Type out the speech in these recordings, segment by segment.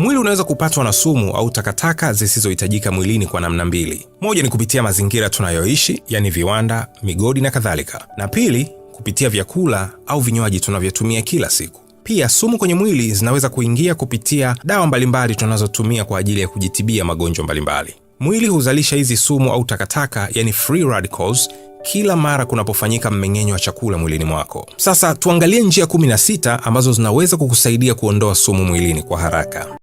Mwili unaweza kupatwa na sumu au takataka zisizohitajika mwilini kwa namna mbili. Moja ni kupitia mazingira tunayoishi, yani viwanda, migodi na kadhalika, na pili kupitia vyakula au vinywaji tunavyotumia kila siku. Pia sumu kwenye mwili zinaweza kuingia kupitia dawa mbalimbali tunazotumia kwa ajili ya kujitibia magonjwa mbalimbali. Mwili huzalisha hizi sumu au takataka, yani free radicals kila mara kunapofanyika mmeng'enyo wa chakula mwilini mwako. Sasa tuangalie njia 16 ambazo zinaweza kukusaidia kuondoa sumu mwilini kwa haraka.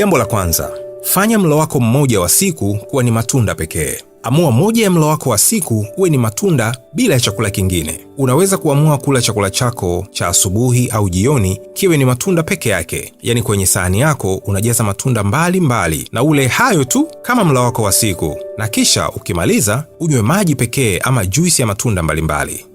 Jambo la kwanza, fanya mlo wako mmoja wa siku kuwa ni matunda pekee. Amua moja ya mlo wako wa siku uwe ni matunda bila ya chakula kingine. Unaweza kuamua kula chakula chako cha asubuhi au jioni kiwe ni matunda peke yake, yaani kwenye sahani yako unajaza matunda mbalimbali mbali, na ule hayo tu kama mlo wako wa siku, na kisha ukimaliza unywe maji pekee ama juisi ya matunda mbalimbali mbali.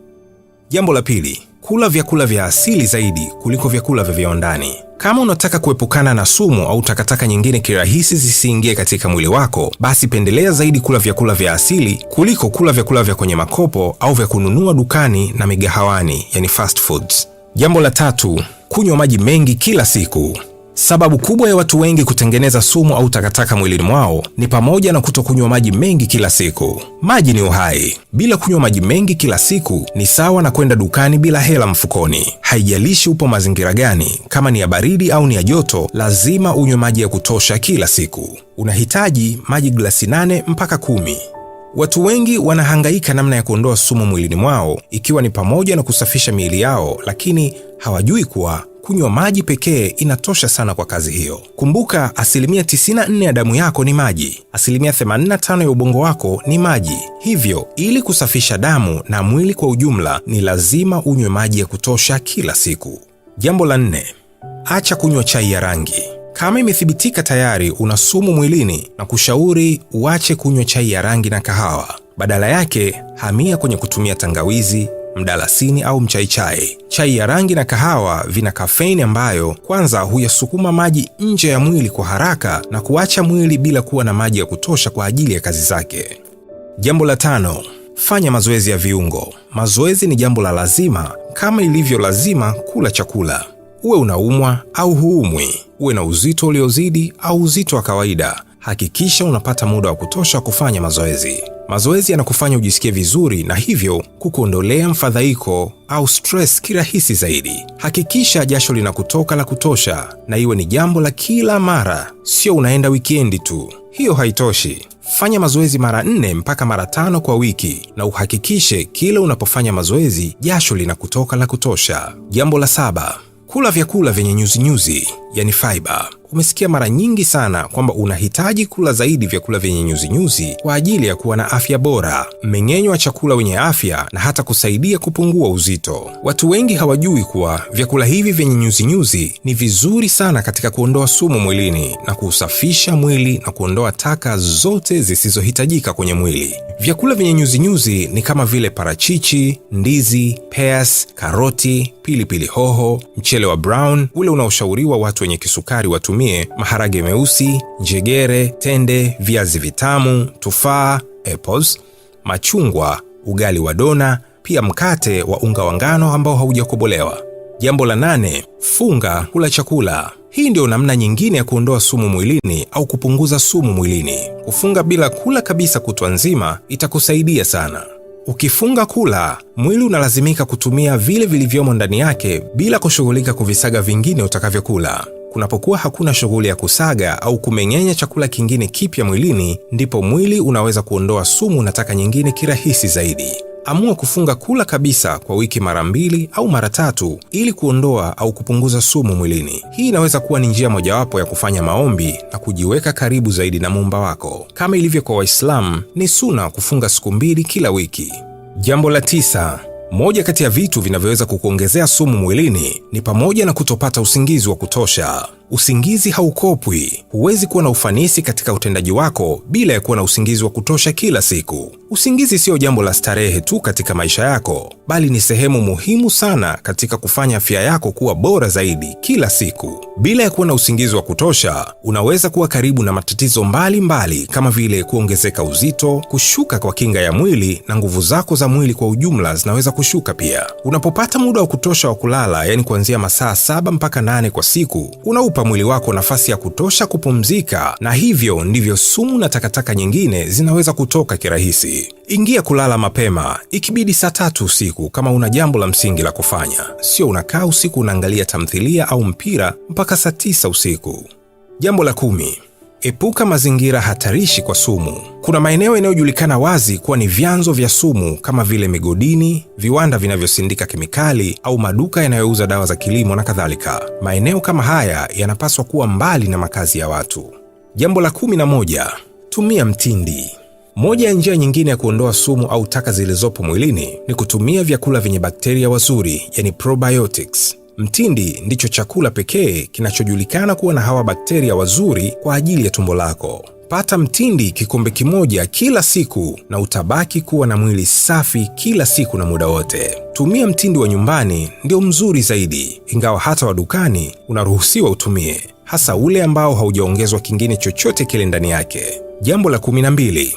Jambo la pili, Kula vyakula vya asili zaidi kuliko vyakula vya viwandani. Kama unataka kuepukana na sumu au takataka nyingine kirahisi zisiingie katika mwili wako, basi pendelea zaidi kula vyakula vya asili kuliko kula vyakula vya kwenye makopo au vya kununua dukani na migahawani, yani fast foods. Jambo la tatu, kunywa maji mengi kila siku. Sababu kubwa ya watu wengi kutengeneza sumu au takataka mwilini mwao ni pamoja na kutokunywa maji mengi kila siku. Maji ni uhai. Bila kunywa maji mengi kila siku ni sawa na kwenda dukani bila hela mfukoni. Haijalishi upo mazingira gani, kama ni ya baridi au ni ya joto, lazima unywe maji ya kutosha kila siku. Unahitaji maji glasi nane mpaka kumi. Watu wengi wanahangaika namna ya kuondoa sumu mwilini mwao, ikiwa ni pamoja na kusafisha miili yao, lakini hawajui kuwa kunywa maji pekee inatosha sana kwa kazi hiyo. Kumbuka, asilimia 94 ya damu yako ni maji, asilimia 85 ya ubongo wako ni maji. Hivyo, ili kusafisha damu na mwili kwa ujumla, ni lazima unywe maji ya kutosha kila siku. Jambo la nne, acha kunywa chai ya rangi. Kama imethibitika tayari una sumu mwilini, na kushauri uache kunywa chai ya rangi na kahawa. Badala yake, hamia kwenye kutumia tangawizi mdalasini au mchaichai. Chai ya rangi na kahawa vina kafeini ambayo kwanza huyasukuma maji nje ya mwili kwa haraka na kuacha mwili bila kuwa na maji ya kutosha kwa ajili ya kazi zake. Jambo la tano, fanya mazoezi ya viungo. Mazoezi ni jambo la lazima kama ilivyo lazima kula chakula. Uwe unaumwa au huumwi, uwe na uzito uliozidi au uzito wa kawaida, hakikisha unapata muda wa kutosha kufanya mazoezi. Mazoezi yanakufanya ujisikie vizuri na hivyo kukuondolea mfadhaiko au stress kirahisi zaidi. Hakikisha jasho linakutoka la kutosha, na iwe ni jambo la kila mara, sio unaenda wikendi tu. Hiyo haitoshi, fanya mazoezi mara nne mpaka mara tano kwa wiki, na uhakikishe kila unapofanya mazoezi jasho linakutoka la kutosha. Jambo la saba, kula vyakula vyenye nyuzinyuzi yani fiber. Umesikia mara nyingi sana kwamba unahitaji kula zaidi vyakula vyenye nyuzinyuzi kwa ajili ya kuwa na afya bora, mmeng'enyo wa chakula wenye afya na hata kusaidia kupungua uzito. Watu wengi hawajui kuwa vyakula hivi vyenye nyuzinyuzi ni vizuri sana katika kuondoa sumu mwilini na kuusafisha mwili na kuondoa taka zote zisizohitajika kwenye mwili. Vyakula vyenye nyuzinyuzi ni kama vile parachichi, ndizi, pears, karoti, pilipili hoho, mchele wa brown ule unaoshauriwa watu wenye kisukari watumie maharage meusi, njegere, tende, viazi vitamu, tufaa, apples, machungwa, ugali wa dona, pia mkate wa unga wa ngano ambao haujakobolewa. Jambo la nane, funga kula chakula. Hii ndio namna nyingine ya kuondoa sumu mwilini au kupunguza sumu mwilini. Kufunga bila kula kabisa kutwa nzima itakusaidia sana. Ukifunga kula, mwili unalazimika kutumia vile vilivyomo ndani yake bila kushughulika kuvisaga vingine utakavyokula. Kunapokuwa hakuna shughuli ya kusaga au kumeng'enya chakula kingine kipya mwilini, ndipo mwili unaweza kuondoa sumu na taka nyingine kirahisi zaidi. Amua kufunga kula kabisa kwa wiki mara mbili au mara tatu ili kuondoa au kupunguza sumu mwilini. Hii inaweza kuwa ni njia mojawapo ya kufanya maombi na kujiweka karibu zaidi na muumba wako. Kama ilivyo kwa Waislamu, ni suna kufunga siku mbili kila wiki. Jambo la tisa. Moja kati ya vitu vinavyoweza kukuongezea sumu mwilini ni pamoja na kutopata usingizi wa kutosha. Usingizi haukopwi. Huwezi kuwa na ufanisi katika utendaji wako bila ya kuwa na usingizi wa kutosha kila siku. Usingizi siyo jambo la starehe tu katika maisha yako, bali ni sehemu muhimu sana katika kufanya afya yako kuwa bora zaidi kila siku. Bila ya kuwa na usingizi wa kutosha, unaweza kuwa karibu na matatizo mbalimbali mbali, kama vile kuongezeka uzito, kushuka kwa kinga ya mwili na nguvu zako za mwili kwa ujumla zinaweza kushuka pia. Unapopata muda wa kutosha wa kulala, yani kuanzia masaa saba mpaka nane kwa siku, kuupa mwili wako nafasi ya kutosha kupumzika, na hivyo ndivyo sumu na takataka nyingine zinaweza kutoka kirahisi. Ingia kulala mapema, ikibidi saa tatu usiku kama una jambo la msingi la kufanya, sio unakaa usiku unaangalia tamthilia au mpira mpaka saa tisa usiku. Jambo la kumi, epuka mazingira hatarishi kwa sumu. Kuna maeneo yanayojulikana wazi kuwa ni vyanzo vya sumu kama vile migodini, viwanda vinavyosindika kemikali au maduka yanayouza dawa za kilimo na kadhalika. Maeneo kama haya yanapaswa kuwa mbali na makazi ya watu. Jambo la kumi na moja, tumia mtindi. Moja ya njia nyingine ya kuondoa sumu au taka zilizopo mwilini ni kutumia vyakula vyenye bakteria wazuri, yani probiotics. Mtindi ndicho chakula pekee kinachojulikana kuwa na hawa bakteria wazuri kwa ajili ya tumbo lako. Pata mtindi kikombe kimoja kila siku na utabaki kuwa na mwili safi kila siku na muda wote. Tumia mtindi wa nyumbani ndio mzuri zaidi, ingawa hata wa dukani unaruhusiwa utumie, hasa ule ambao haujaongezwa kingine chochote kile ndani yake. Jambo la kumi na mbili,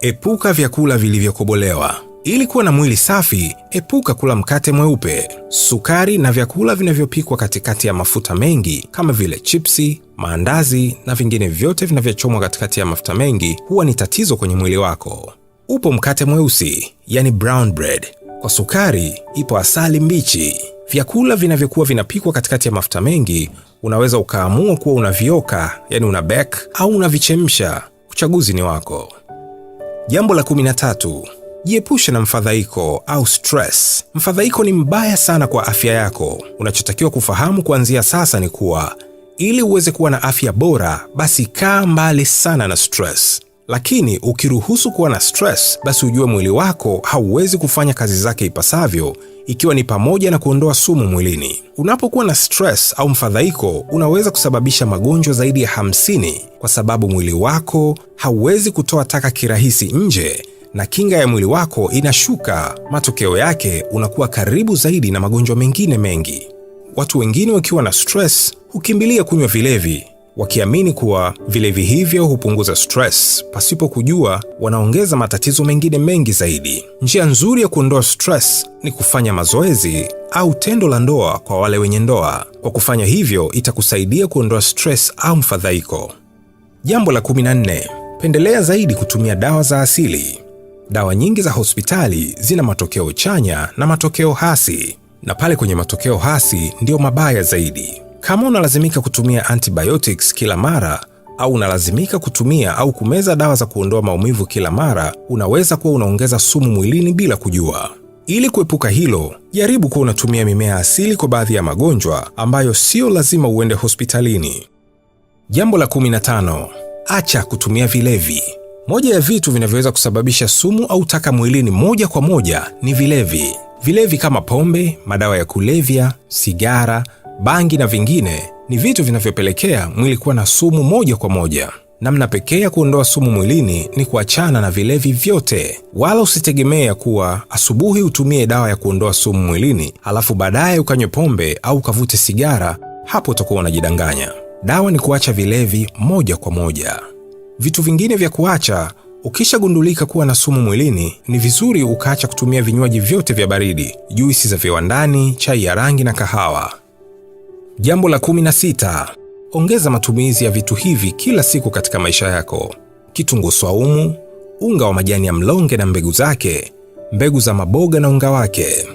epuka vyakula vilivyokobolewa. Ili kuwa na mwili safi, epuka kula mkate mweupe, sukari na vyakula vinavyopikwa katikati ya mafuta mengi kama vile chipsi, maandazi na vingine vyote vinavyochomwa katikati ya mafuta mengi huwa ni tatizo kwenye mwili wako. Upo mkate mweusi, yani brown bread. Kwa sukari ipo asali mbichi. Vyakula vinavyokuwa vinapikwa katikati ya mafuta mengi unaweza ukaamua kuwa unavioka, yani una bake au unavichemsha. Uchaguzi ni wako. Jambo la kumi na tatu: Jiepushe na mfadhaiko au stress. Mfadhaiko ni mbaya sana kwa afya yako. Unachotakiwa kufahamu kuanzia sasa ni kuwa ili uweze kuwa na afya bora, basi kaa mbali sana na stress. Lakini ukiruhusu kuwa na stress, basi ujue mwili wako hauwezi kufanya kazi zake ipasavyo, ikiwa ni pamoja na kuondoa sumu mwilini. Unapokuwa na stress au mfadhaiko, unaweza kusababisha magonjwa zaidi ya hamsini kwa sababu mwili wako hauwezi kutoa taka kirahisi nje na kinga ya mwili wako inashuka. Matokeo yake unakuwa karibu zaidi na magonjwa mengine mengi. Watu wengine wakiwa na stress hukimbilia kunywa vilevi, wakiamini kuwa vilevi hivyo hupunguza stress, pasipo kujua wanaongeza matatizo mengine mengi zaidi. Njia nzuri ya kuondoa stress ni kufanya mazoezi au tendo la ndoa kwa wale wenye ndoa. Kwa kufanya hivyo, itakusaidia kuondoa stress au mfadhaiko. Jambo la 14, pendelea zaidi kutumia dawa za asili. Dawa nyingi za hospitali zina matokeo chanya na matokeo hasi, na pale kwenye matokeo hasi ndiyo mabaya zaidi. Kama unalazimika kutumia antibiotics kila mara au unalazimika kutumia au kumeza dawa za kuondoa maumivu kila mara, unaweza kuwa unaongeza sumu mwilini bila kujua. Ili kuepuka hilo, jaribu kuwa unatumia mimea asili kwa baadhi ya magonjwa ambayo sio lazima uende hospitalini. Jambo la 15: acha kutumia vilevi. Moja ya vitu vinavyoweza kusababisha sumu au taka mwilini moja kwa moja ni vilevi. Vilevi kama pombe, madawa ya kulevya, sigara, bangi na vingine ni vitu vinavyopelekea mwili kuwa na sumu moja kwa moja. Namna pekee ya kuondoa sumu mwilini ni kuachana na vilevi vyote. Wala usitegemea kuwa asubuhi utumie dawa ya kuondoa sumu mwilini halafu baadaye ukanywe pombe au ukavute sigara. Hapo utakuwa unajidanganya. Dawa ni kuacha vilevi moja kwa moja. Vitu vingine vya kuacha: ukishagundulika kuwa na sumu mwilini, ni vizuri ukaacha kutumia vinywaji vyote vya baridi, juisi za viwandani, chai ya rangi na kahawa. Jambo la kumi na sita: ongeza matumizi ya vitu hivi kila siku katika maisha yako: kitunguu swaumu, unga wa majani ya mlonge na mbegu zake, mbegu za maboga na unga wake.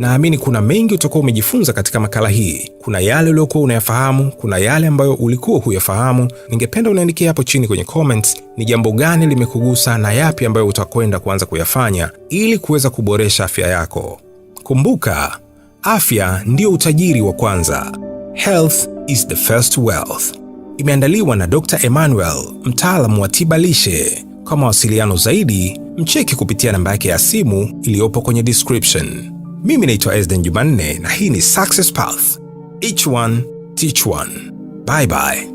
Naamini kuna mengi utakuwa umejifunza katika makala hii. Kuna yale uliokuwa unayafahamu, kuna yale ambayo ulikuwa huyafahamu. Ningependa uniandikia hapo chini kwenye comments ni jambo gani limekugusa na yapi ambayo utakwenda kuanza kuyafanya ili kuweza kuboresha afya yako. Kumbuka, afya ndiyo utajiri wa kwanza. Health is the first wealth. Imeandaliwa na Dr. Emmanuel, mtaalamu wa tiba lishe. Kwa mawasiliano zaidi, mcheki kupitia namba yake ya simu iliyopo kwenye description. Mimi naitwa esden Jumanne na hii ni Success Path. Each one teach one. Bye bye.